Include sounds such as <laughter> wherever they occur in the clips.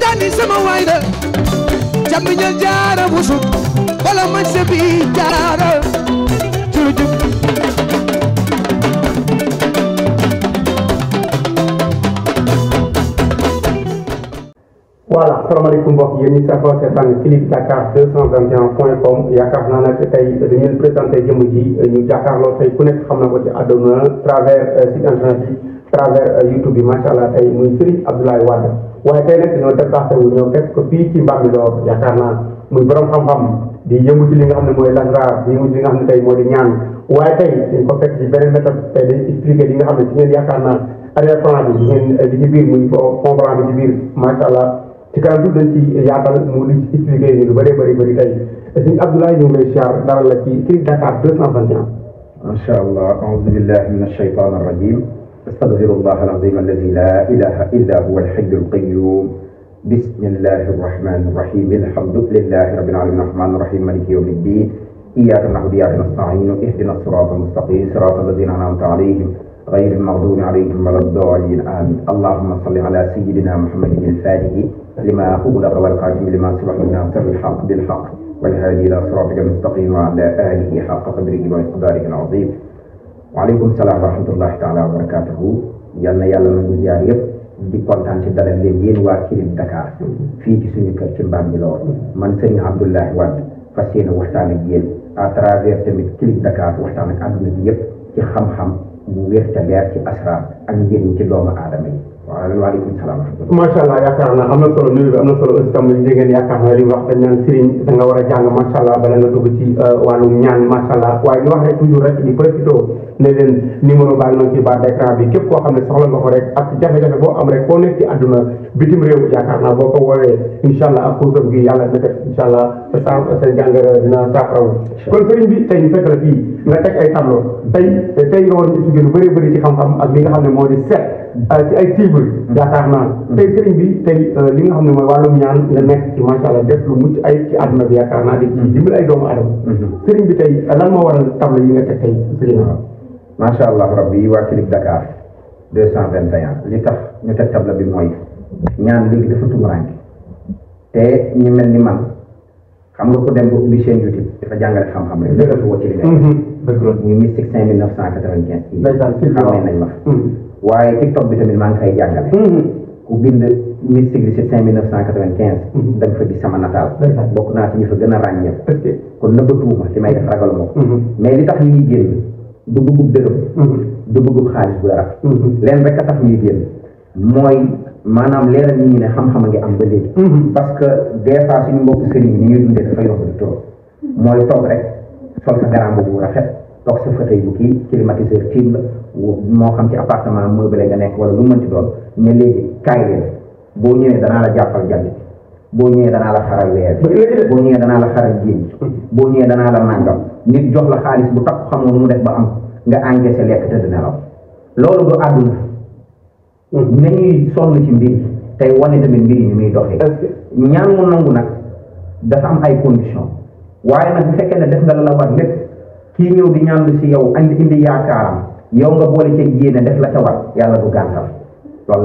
dani sama waay da jamiñal jaara busuk wala ma sebi jaara jurujub voilà salaamaaleykum mbokk yéen ñi safoo seetaan clip Dakar 221 point com yaakaar naa nag tey du ngeen présenté jëmm ji ñu jàkkaarloo tey ku nekk xam na ko ci àdduna travers euh, site internet bi travers euh, YouTube bi macha allah tey muy Serigne Abdoulaye Wade waaye tey nag dañoo déplacé wu ñëw fekk ko fii ci Mbambilor yaakaar naa muy borom xam-xam di yëngu ci li nga xam ne mooy lasraar di yëngu ci li nga xam ne tey moo di ñaan waaye tey dañ ko fekk ci beneen méthode tey dañ expliqué li nga xam ne ci ngeen yaakaar naa arrière plan bi ngeen euh, li ci biir muy fond blanc bi ci biir macha allah ci kanam tuuti dañ ci yaatal mu li expliqué ñu lu bëree bëri bëri tey Serigne Abdoulaye ñu ngi lay siyaar dara la ci kii Dakar 221 macha allah aouzu billahi min achaytan arrajim أستغفر الله العظيم الذي لا إله إلا هو الحي القيوم بسم الله الرحمن الرحيم الحمد لله رب العالمين الرحمن الرحيم مالك يوم الدين إياك نعبد وإياك نستعين اهدنا الصراط المستقيم صراط الذين أنعمت عليهم غير المغضوب عليهم ولا الضالين آمين اللهم صل على سيدنا محمد الفاتح لما أغلق والقادم لما سبق من أنصر الحق بالحق والهادي إلى صراطك المستقيم وعلى آله حق قدره ومقداره العظيم waaleykum salaam wa rahmatullahi taala wa barakatuhu yal na yàlla nangu ziar yëpp di kontaan ci dalal leen yéen waa Kilim Dakar fii ci suñu kër ci Mbambilor man Serigne Abdoulaye Wade fas yéene waxtaan ak yéen à travers tamit Kilim Dakar waxtaan ak àdduna bi yëpp ci xam-xam bu wér te leer ci asraar ak njëriñ ci doomu aadama yi waaw waaleykum salaam macha allah yaakaar am na solo nuyu bi am na solo aussi tam li ngeen yaakaar naa li wax dañ na nga war a jàng macha allah bala nga dugg ci euh, wàllum ñaan macha allah waaye ñu wax rek toujours rek di profité ne leen numéro baa ngi noonu ci barre d'écran bi képp koo xam ne soxla nga ko rek ak jafe-jafe boo am rek boo nekk ci àdduna bitim réew yaakaar naa boo ko woowee incha allah ak kursam gi yàlla na def incha allah sa sa sa jàngara dina saafaraw kon sëriñ bi tey ñu fekk la fii nga teg ay tableau tey te nga war a étudier lu bëree bëri ci xam ak li nga xam ne moo di set euh, ci ay cible mm. yaakaar naa mm. tey sëriñ bi te euh, li nga xam ne mooy wàllum ñaan nga nekk ci macha allah def lu mucc ay ci àdduna bi yaakaar naa di mm. dimbali ay doomu adama mm-hmm. sëriñ bi tey euh, lan moo waral yi nga teg tey sëriñ macha allah rabbi waa Click Dakar deux cent vingt et un bi mooy ñaan léegi dafa tumuraanke te ñu mel ni man xam nga ko dem ba ubbi chaîne YouTube dafa jàngale xam-xam rek dëgg la ci li nekk muy mystique cinq mille neuf cent quatre-vingt-quinze yi xamee nañ ma mhm. waaye TikTok bi tamit maa ngi fay jàngale mhm. ku bind mystique ci cinq mille neuf cent quatre-vingt-quinze mhm. da nga fa gis sama nataal bokk naa ci ñu fa gën a ràññee kon nëbbatuwuma li may def ragaluma a mais li tax ñuy génn du bëggub dërëm du bëggub xaalis bu dara leen rek a tax mooy maanaam leeral nit ñi ne xam-xam nga am ba léegi. Mm-hmm. parce que des fois suñu mbokk sëriñ bi ni ñuy dundee dafa yomb di toog mooy bu rafet toog sa fauteuil bu kii climatiseur tiim la moo xam ci appartement meublé nga nekk wala lu mënti doon ne léegi boo ñëwee danaa la jàppal jàll boo ñëwee danaa la xaral weer <laughs> boo ñëwee danaa la xaral géej boo ñëwee danaa la nàngam nit jox la xaalis bu takk xamoon mu def ba am nga encaissé lekk te dina raw loolu du àdduna Mm-hmm. nañuy sonn ci mbir tey wane tamit mbir yi ni muy doxee. ñaan mu nangu nag dafa am ay conditions waaye nag bu fekkee ne def nga la war lépp kii ñëw di ñaan lu si yow andi indi yaakaaram yow nga boole ci yéene def la ca war yàlla du gàntal loolu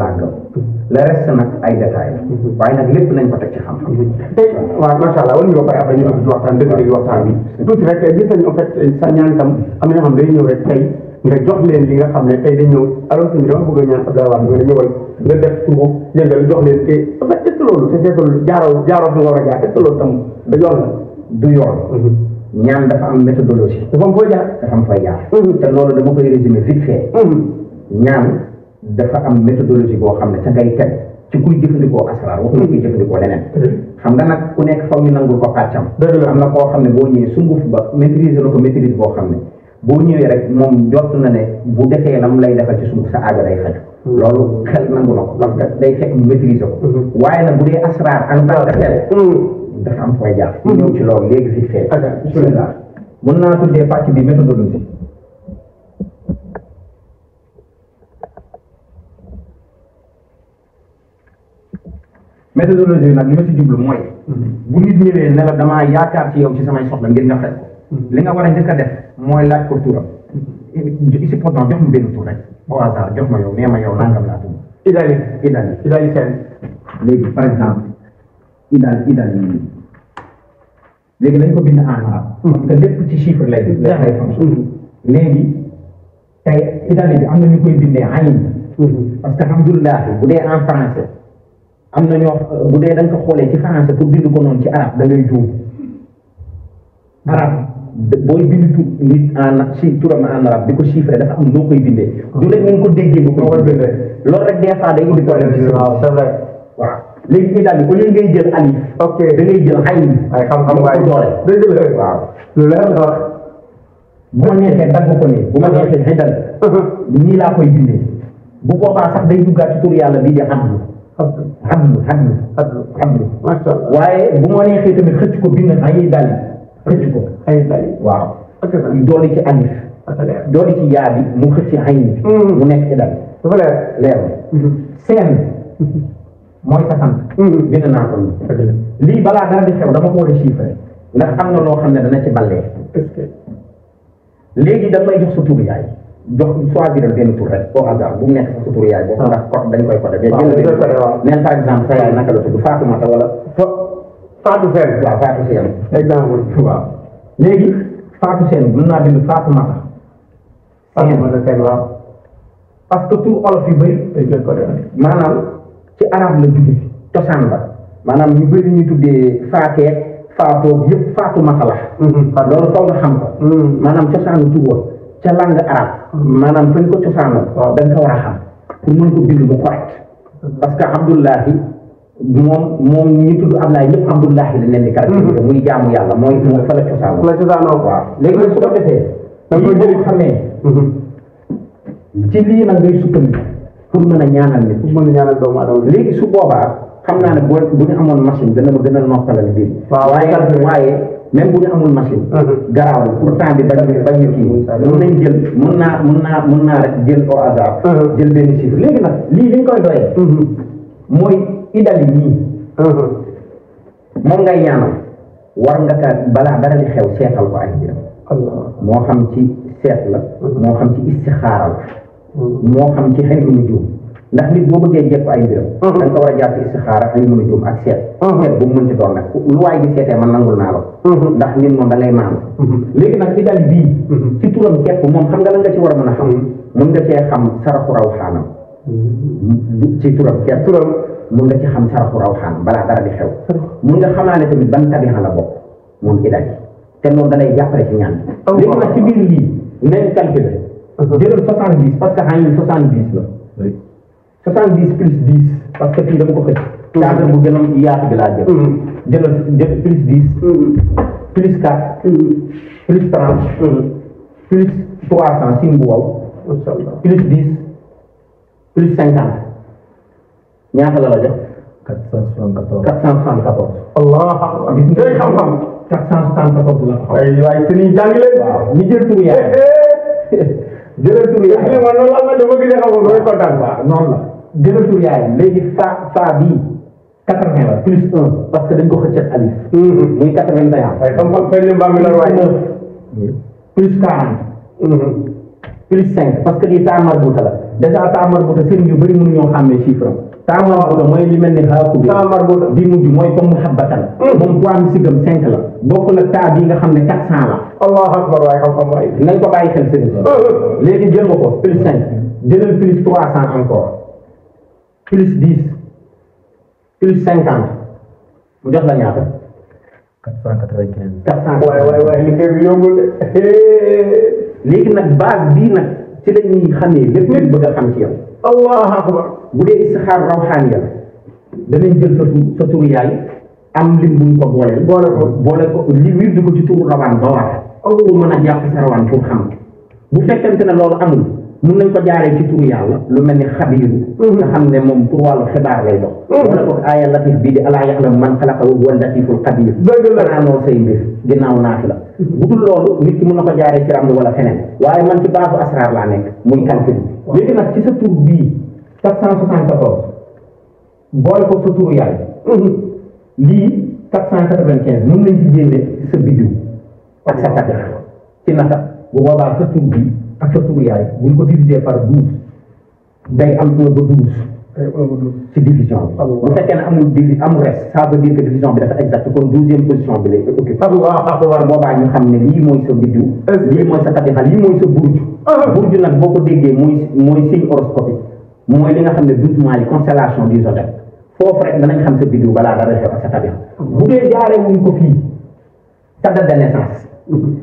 laa gëm ay détails mm-hmm. waaye nag lépp nañ ko teg ci xam-xam. Mm-hmm. waaw macha allah wala ñu ba pare après ñu am waxtaan dëgg tuuti rek gis nañu en fait sa ñaan tam am na xam day ñëw rek tey. nga jox leen li nga xam ne tey dañ ñëw alors que dama bëgg a ñaan Abdoulaye Wade nga ñëwal nga def suuf yëngal jox leen te ba est loolu te teetul jaaroo jaaroo fi nga a jaar est loolu da du yoon mhm. ñaan dafa am méthodologie dafa am fooy jaar dafa am fooy jaar mhm. te loolu dama koy résumé vite fait mhm. ñaan dafa am méthodologie boo xam ne te ngay teg ci kuy jëfandikoo asraar waxuñu kuy xam nga nag ku nekk faw ñu nangul ko kàccam am na koo xam ne boo ñëwee sunguf ba maîtrise na ko maîtrise boo xam ne boo ñëwee rek moom jot na ne bu defee lam lay defal ci suuf sa aajo day faj. Hmm. loolu xel nangu na ko parce que day fekk mu maîtriser ko. Hmm. waaye bu dee asraar en tant que tel. Hmm. dafa am fooy jaar. ñëw ci loolu léegi fi bi méthodologie. méthodologie nag li ma mooy. bu nit ñëwee ne la damaa yaakaar ci yow ci samay soxla ngir nga faj ko. li nga war a njëkk a def mooy laaj ko turam. si pourtant jox ma benn tur rek au hasard jox ma yow nee ma yow nangam laa tudd. Idali Idali Idali Sène. léegi par exemple Idal Idali léegi dañ ko bind en arabe. Hmm. parce que lépp ci chiffre lay lay lay fonction. Hmm. léegi tey Idali bi am na ñu koy bindee ayin. Hmm. parce que alhamdulilah bu dee en français am na ñoo bu dee da nga ko xoolee ci français pour bind ko noonu ci arabe da ngay juum arabe. booy bind tur nit en ci turam en arabe di ko chiffré dafa am noo koy bindee. du rek ñu ngi ko déggee ba ko bindee. loolu rek des fois day indi problème ci waaw c'est vrai. waaw léegi ñu di au lieu ngay jël da ngay jël ayin. ay xam-xam waay doole day jël waaw. lu leer la wax. bu ma neexee tàggu ko nii bu ma neexee xëjal. <laughs> nii laa koy bindee. bu boobaa sax day duggaat ci tur yàlla bii di ànd. ànd ànd ànd ànd. macha allah waaye bu ma neexee tamit xëcc ko xëcc ko ay lay waaw dooli ci alif dooli ci yaa bi mu xëcc ayn bi mm. mu nekk idal dafa leer leer mm-hmm. seen mm-hmm. mooy sa sant mm-hmm. bind naa ko lii balaa dara di xew dama ko war a chiffré ndax am na loo xam ne dana ci ballee léegi da may jox sa tur yaay jox choisir benn tur rek au hasard bu mu nekk sa tur yaay boobu ah. ndax code dañ koy code mais ah, jël benn neen par exemple sa yaay naka la tudd Faatumata wala Fatou Seen waaw Fatou a exemple waaw léegi Fatou Seen mën naa bind Fatou Mata Fatou Mata Seen waaw parce que tur olof yu bëri maanaam ci arab la juge cosaan la maanaam ñu bëri ñu tuddee faatee faatoo yëpp Fatou Mata la mhm. mhm. maanaam cosaanu tur woon ca langue arab mhm. maanaam fañ ko cosaanoo da nga ko war a xam ko bind mu correct parce que moom moom ñi tudd Ablaye ñëpp Abdullahi la leen di caractérisé mm-hmm. muy jaamu yàlla mooy mooy fa la cosaanoo fa la cosaanoo waaw léegi ko defee lii mm-hmm. boo xamee mm-hmm. ci lii nag ngay sukkandiku pour mën a ñaanal nit pour mën a ñaanal doomu adama léegi su boobaa xam naa ne boo bu ñu amoon machine dana ma gën a noppalal biir waaw waaye waaye même bu ñu amul machine garaawul pour temps bi bañ bañ ñu kii mën nañ jël mën naa mën naa mën naa lii li ñu koy doyee mooy idali bii mhm. moom ngay ñaanal war nga ka balaa dara di xew seetal ko ay biram moo xam ci seet la mhm. moo xam ci istixaara la mhm. moo xam ci xel mu juum ndax nit boo bëggee jëpp ay mbiram da nga ko war a jàpp istixaara xel mu juum ak seet seet bu mu mën ci doon nag lu waay di seetee man nangul naa la ndax nit moom da ngay maam léegi nag idal bii ci turam képp moom xam nga la nga ci war a mën a xam mën nga cee xam saraxu raw xaanam Mm-hmm. ci turam ker turam mun ci xam saraxu rawxaan balaa dara di xew mun nga xamaale tamit ban tabixa la bokk moom ida bi te loolu dalay jàppale ci ñaan bi léegi nag ci biir lii nañ calculer uh-huh. jëlal soixante dix parce que xaañin soixante dix la soixante dix plus dix parce que fii plus cinquante ñaata la la jox. quatre cent soixante allah gis nga xam-xam. quatre cent soixante ay waay sëriñ jàng leen. waaw ñu jël tur yaay. Eh, eh. <laughs> jëlal tur man loolu am na dama gis xam-xam damay fa fa bii. quatre vingt la plus un parce que dañ ko xëccat alif. Mm-hmm. muy quatre vingt et un. waaye xam-xam fay ñu mbaam la waay. parce que dèjà temps marbuta sëriñ yu bëri mënu ñoo xàmmee chiffre am temps marbuta mooy li mel ni xaaku bi temps marbuta bi mujj mooy comme muhabbatan hmm. moom poids misigam cinq la bokk la temps bi nga xam ne quatre cent la allahu akbar waaye xam-xam waay nañ ko bàyyi xel sëriñ hmm, hmm. léegi jël nga ko plus cinq jëlal plus trois cent encore plus dix plus cinquante mu jox la ñaata quatre cent quatre-vingt-quinze quatre cent waay waay waay li koy yombul léegi nag base bii nag ci la ñuy xamee lépp lépp bëgg a xam ci yow. allahu akbar bu dee istixaar rawxaan ya danañ jël sa tur sa tur yaay am lim buñ ko booleel. boole ko boole ko li wir di ko ci turu rawaan ba war. pour mën a jàpp sa rawaan pour xam bu fekkente ne loolu amul. mun nañ ko jaaree ci turu yàlla lu mel ni xabiiru mhm. nga xam ne moom pour wàllu xibaar lay dox mhm. wala ko aaya latif bii di alaa yaxlam man xalaqa wa huwa latiful xabiir anoo la mhm. bu dul loolu nit ki mun na ko jaaree ci ràmm wala feneen waaye man ci baasu asraar laa nekk muy calcul léegi nag ci sa tur bii sept cent soixante-quatorze boole ko sa turu yàlla lii quatre sa biddiw bii ak sa turu yaay bu ñu ko divisé par douze day am un ba douze. ci division bi. bu fekkee ne amul divi amul res ça veut que division bi dafa exact kon douzième position bi lay occupé. par waaw par waaw boobaa xam ne lii mooy sa biddiw. lii mooy sa xatixa lii mooy sa burj. Ah. burj nag boo ko déggee mooy mooy signe mooy li nga xam ne doucement yi constellation du zodiaque foofu rek danañ xam sa biddiw balaa dara xew ak sa xatixa. bu dee jaaree fii sa date de naissance.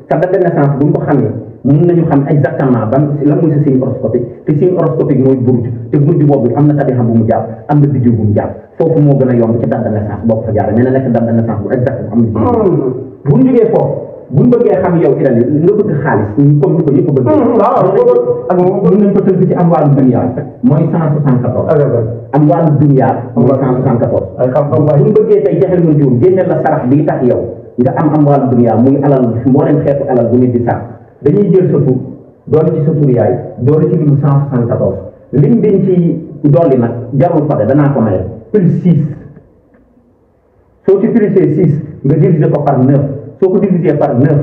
sa <laughs> date mën nañu xam exactement ban lan mooy sa signe horoscopique te signe horoscopique mooy burj te burj boobu am na tabi xam bu mu jàpp am na biddiw bu mu jàpp foofu moo gën a yomb ci date de naissance boo ko fa jaaree mais na nekk date de naissance bu exact bu am na hmm. bu ñu jógee foofu bu ñu bëggee xam yow Iran li nga bëgg xaalis comme ni ko ñëpp bëgg ak mën nañ ko tënk ci am wàllu dunya mooy cent soixante-quatorze ah, am wàllu dunya mooy cent soixante-quatorze ah, bu ñu bëggee tey jaxel nga juum génneel la sarax bi tax yow nga am am wàllu dunya muy alal mbooleem xeetu alal bu nit di sax dañuy jël sa tur doole ci sa tur yaay doole ci limu cent soixante quatorze lim biñ ci dolli nag jarul pare danaa ko maye plus six soo ci plusee six nga diviser ko par neuf soo ko diviser par neuf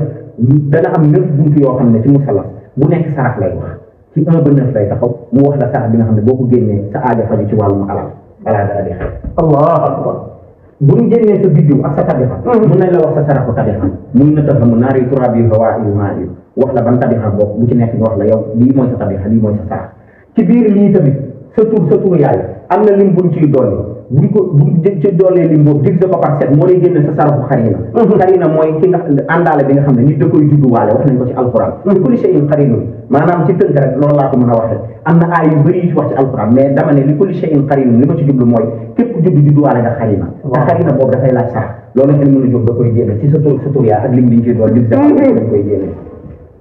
dana am neuf buntu yoo xam ne ci musala bu nekk sarax lay wax ci un ba neuf lay taxaw mu wax la sarax bi na xam ne boo ko génnee sa aaja faju ci wàllum alal balaa dara di xew allah akbar bu ñu génnee sa biddiw ak sa tabixa mm. mun nañ la wax sa saraxu tabixa muy na tax mu naari tura bi hawaa il maa il wax la ban tabixa bokk bu ci nekk ñu wax la yow lii mooy sa tabixa lii mooy sa sarax ci biir lii tamit sa tur sa tur yaay am na lim buñ ciy dolli buñ ko buñ ca doolee lim boobu dix de ko par sept moo sa sarafu xarina mm-hmm. xarina mooy ki nga àndaale bi nga xam ne nit da koy judduwaale wax nañ ko ci alquran mm-hmm. kulli shay'in xarinun maanaam ci tënk rek loolu laa ko mën a waxee na aay yu bëri yu wax ci alquran mais dama ne li kulli shay'in xarinun li ma ci jublu mooy képp juddu judduwaale nga xarina te xarina boobu laaj sax loolu xel mën a jóg da koy ci sa tur sa tur yaa ak lim biñ de mm-hmm. dañ koy génne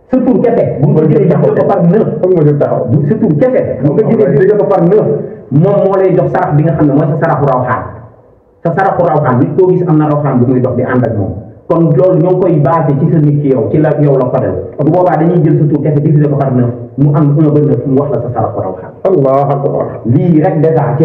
sa tur kese moom moo lay jox sarax bi nga xam ne mooy sa saraxu rawxaan sa saraxu rawxaan nit koo gis am na rawxaan bu muy dox di ànd moom kon loolu ñoo koy basé ci sa nit ki yow ci la yow la ko sa tur kese divisé ko par neuf mu am un ba neuf mu wax la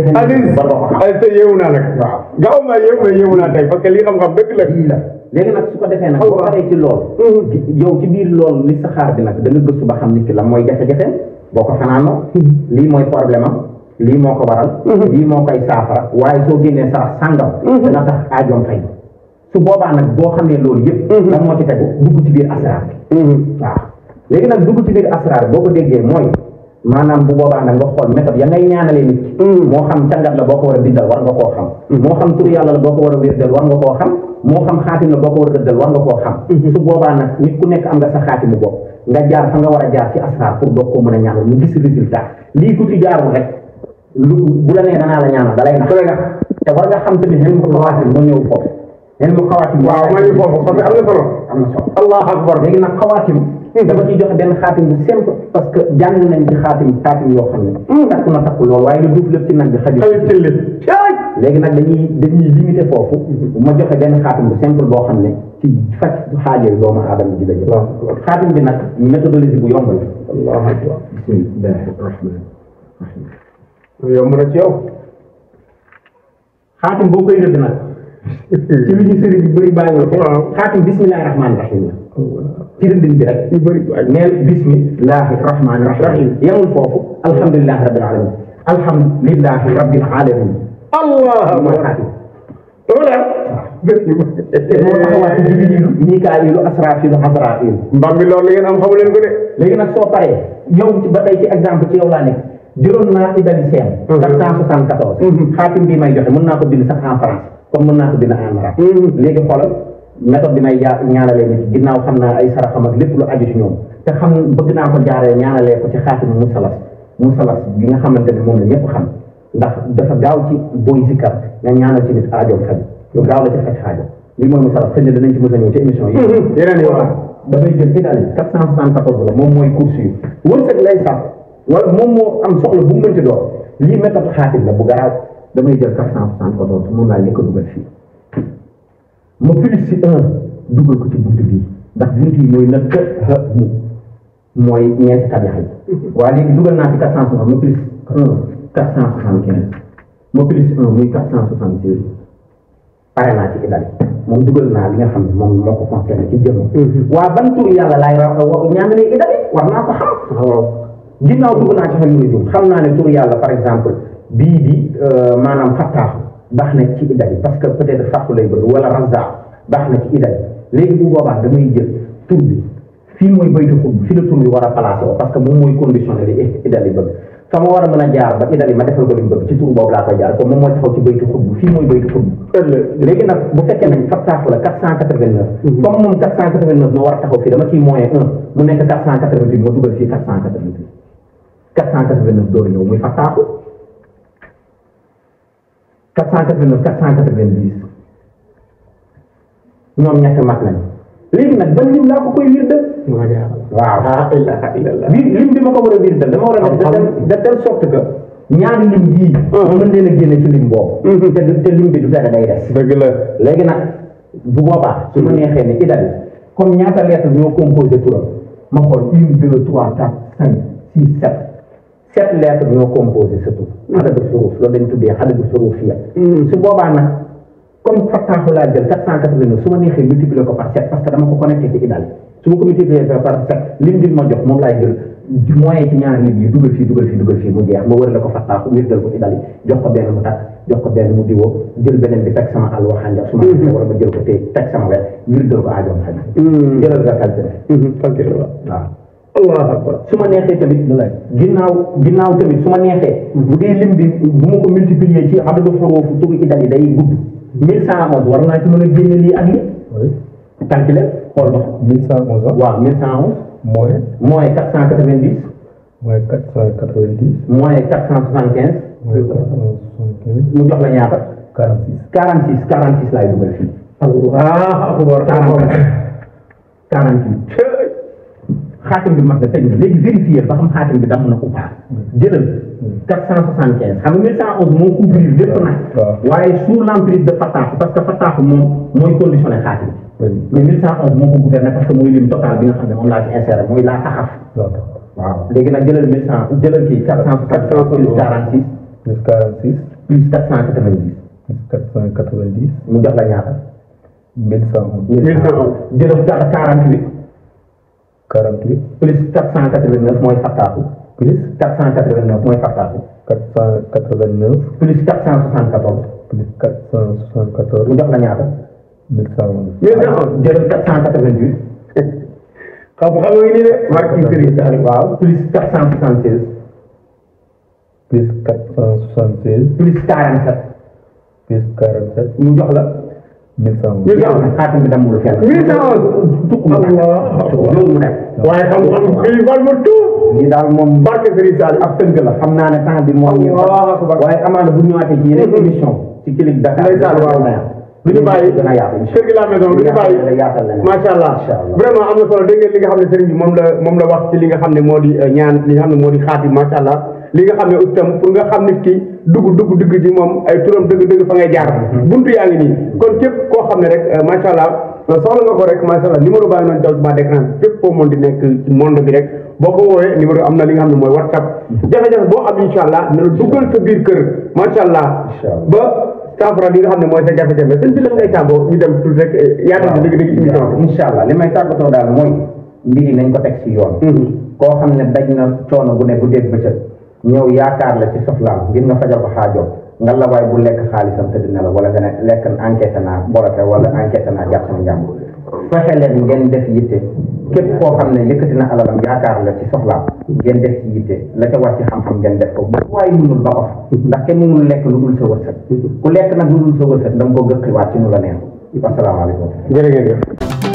xam te yéewu ma yéew na yéewu naa tey parce que la lii la léegi nag su loolu yow ci biir loolu li saxaar bi nag da nga ba xam nit ki la mooy jafe-jafe boo ko fanaanoo hmm. lii mooy problème am lii moo ko waral mhm. lii moo koy saafara waaye soo génnee sarax sàngam mhm. dana tax aajoom fay su boobaa nag boo xamee loolu yëpp mhm. lan moo ci tegu dugg ci biir asraar bi waaw léegi nag dugg ci biir asraar boo ko déggee mooy maanaam bu boobaa nag nga xool méthode ya ngay ñaanalee nit ki moo xam cangat la boo ko war a bindal war nga koo xam moo xam turu yàlla la boo ko war a wérdal war nga koo xam moo xam xaatim la boo ko war a dëddal war nga koo xam su boobaa nag nit ku nekk am nga sa xaatimu bopp nga nga war a jaar ci asraar pour doog koo mën a ñaanal mu lu bu la nee danaa la ñaanal dalay nax war nga xam tamit nen mu xawaati moo ñëw foofu nen mu xawaati waaw maa ngi foofu parce que am na solo am na solo allahu akbar léegi nag xawaatim hmm. dama ciy joxe benn xaatim bu simple parce que jàng nañ ci xaatim xaatim yoo xam ne hmm. takk na takku waaye nga duuf lépp ci nag bi xaju léegi nag dañuy dañuy limité foofu hmm. ma joxe benn xaatim bu simple boo xam ne ci faj xaajal doomu aadama ji la jël xaatim bi nag méthodologie bu yomb la lu yomb la ci yow xaatim boo koy rëdd nag <laughs> ci li ñu sëriñ bi bëri bàyyi woon waaw xaatim bismillahi rahmaani rahim la ci rëddin bi rek ñu bëri neel bismillahi rahmaani rahim yemul foofu alhamdulilahi rabbil alamin alhamdulilahi rabbil alamin allah mooy xaatim loolu Mikaayilu Asraafiilu Azraafiilu mbam mi loolu la ngeen am xamu leen ko de léegi nag soo paree yow ba tey ci exemple ci yow laa nekk juróom naa idali seen quatre mhm. cent soixante quatorze mhm. xaatim bii may joxe mën naa ko bind sax en France comme mën naa ko bind en arabe mhm. léegi xoolal méthode bi may jaar ñaanalee nit ginnaaw xam naa ay saraxam ak lépp lu aju ci ñoom te xam bëgg naa ko jaaree ñaanalee ko ci xaatimu musalas musalas bi nga xamante ne moom la ñëpp xam ndax dafa gaaw ci booy sikkar nga ñaanal ci nit aajoom faj lu gaaw la ci faj aajo lii mooy musalas xëy na dinañ ci mën a ñëw ci émission yi yeneen yi waaw dafay jël Italie quatre cent mooy course yi wërsëg wala moom moo am soxla bu mu mënti doon lii méthode xaatim la bu garaaw damay jël quatre cent soixante ko doon su moom laa ko dugal fii ma plus si un dugal ko ci buntu bii ndax buntu mooy na të ha mu mooy ñeenti tabax yi waaye léegi dugal naa ci quatre cent soixante ma plus un quatre cent soixante quinze ma plus un muy quatre cent soixante seize pare naa ci Idale moom dugal naa li nga xam ne moom moo ko concerné ci jëmm mm-hmm. waa ban tur yàlla laay ra ñaan ne Idale war ginnaaw naa ci xam naa ne tur yàlla par exemple bii bi euh, maanaam fattaaxu baax na ci idda bi parce que peut sa fàqu lay bëgg wala razdaa baax na ci idda bi léegi bu boobaa damay jël tur bi fii mooy baytu fi la tur bi war a placé wo parce que moom mooy condition ne li idda bi bëgg fa ma war a jaar ba idda bi ma defal ko li mu bëgg ci tur boobu laa koy jaar comme moom mooy taxaw ci baytu xub fii mooy baytu xub léegi nag bu fekkee nañ fattaaxu la 489 mhm. comme moom 489 moo war a taxaw fii dama ciy moyen 1 mu nekk 488 ma dugal fii 488 489 door ñëw muy fattaaku 489 490 ñoom ñett mag nañ léegi nag ban lim laa ko koy wirda waaw biir lim bi ma ko war a wirda dama war a def de telle sorte que ñaari lim bii mm-hmm. mën leen a génne ci lim boobu mm-hmm. te te lim bi du dara day des dëgg la léegi nag bu boobaa su ma neexee ne idali comme ñaata lettre ñoo composé turam ma xool une deux trois quatre cinq six sept sept lettres ñoo composé surtout. Mm. adadu suruuf loolu lañ tuddee adadu suruufiya mm. su boobaa nag comme fattaaxu laa jël sept cent quatre-vingt-neuf su ma neexee multiplier ko par sept parce que dama ko connecté ci idal su ma ko multiplier par li lim bi ma jox moom laay jël moyen ci ñaar nit dugal fii dugal fii mu jeex ma wër la ko fattaaxu ko idal jox ko benn mu takk jox ko benn mu diwoo bi teg sama àll waxaanja su ma mm-hmm. neexee wala jël ko te teg sama wet wér dal ko aajoom mm-hmm. xañ jëlal nga calculer calculer waaw allahu akbar su ma neexee tamit. ginnaaw ginnaaw tamit su ma neexee. bu dee lim bi bu ma ko multiplier ci adadu xuruf turu idali day gudd. mille cent onze war naa ci mën a génne lii ak lii. oui calculer xool ba. mille cent onze ah? waaw mille cent onze. mooy. mooy quatre cent quatre vingt dix. mooy quatre cent quatre vingt dix. mooy quatre cent soixante quinze. mooy quatre cent soixante quinze. mu jox la ñaata. quarante six quarante six quarante six laay dugal fii. allahu akbar quarante quarante huit xaatim bi mat na tëj na léegi vérifier ba xam xaatim bi damm na ko pas jëlal quatre cent soixante quinze xam nga mille cent onze moo couvrir lépp nag waaye sous l'emprise de fataaku parce que fataaku moom mooy conditionné xaatim bi mais mille cent onze moo ko gouverné parce que mooy lim total bi nga xam ne moom laa ci inséré mooy laa taxaf waaw léegi nag jëlal mille cent jëlal kii quatre cent quatre cent plus quarante six plus quarante six plus quatre cent quatre vingt dix plus quatre cent quatre vingt dix mu jox la ñaata mille cent onze mille cent onze jëlal quarante huit 48 plus 489 mooy fattaaku plus 489 mooy fattaaku. 489. plus 474. plus 474. mu jox la ñaata. 1111. yéen ñëpp jël 488. xam-xamu yi nii de. barke Sëriñ Saliou waaw plus 476. plus 476. plus 47. plus 47. mu jox la. 811 xaatim bi damul fenn. 811. tukku mu def. waaye xam-xam bi wàllu ma tuut. lii daal moom. barke Serigne Sall ak tënk la. xam naa ne temps bi moo ñu. waaye amaana bu ñu ñëwaatee ci yeneen mm-hmm. émission. ci Click Dakar. du ñu bàyyi kër gi la maison du ñu bàyyi macha allah vraiment am na solo dégg ngeen li nga xam ne sëriñ moom la moom la wax ci li nga xam ne moo di euh, ñaan li nga xam ne moo di xaat bi allah li nga xam ne itam pour nga xam nit ki dugg dugg dugg ci moom ay turam dëgg-dëgg fa ngay jaar mm-hmm. buntu yaa ngi nii kon képp koo xam ne rek euh, macha allah euh, soxla nga ko rek macha allah numéro baa ngi noonu daw ma d'écran képp foo mën di nekk monde bi rek boo am na li nga xam ne mooy whatsapp mm-hmm. jafe-jafe boo am incha allah na la duggal sa biir kër macha allah ba cent franc li nga xam ne mooy sa jafe-jafe sëñ bi lan ngay tàggoo rek eh, yaatal bi dëgg-dëgg émission bi incha li may tàggatoo daal mooy mbir yi nañ ko teg si yoon mm-hmm. koo xam ne daj na coono bu ne bu dégg bëccëg ñëw yaakaar la ci soxlaam ngir na fajal ko xaajoo nga la waay bu lekk xaalisam tëdd na la wala nga ne lekk enquête naa borote wala enquête naa jàpp sama njàmbur fexe leen ngeen def yitte képp koo xam ne yëkkati na alalam yaakaar la ci soxlaam ngeen def ci yitte la ca war ci xam-xam ngeen def ko waaye mënul ba of ndax kenn lekk lu dul sa wërsëg ku lekk nag lu dul sa wërsëg da nga ko gëqiwaat i nu la neex wasalaamaaleykum jërëjëf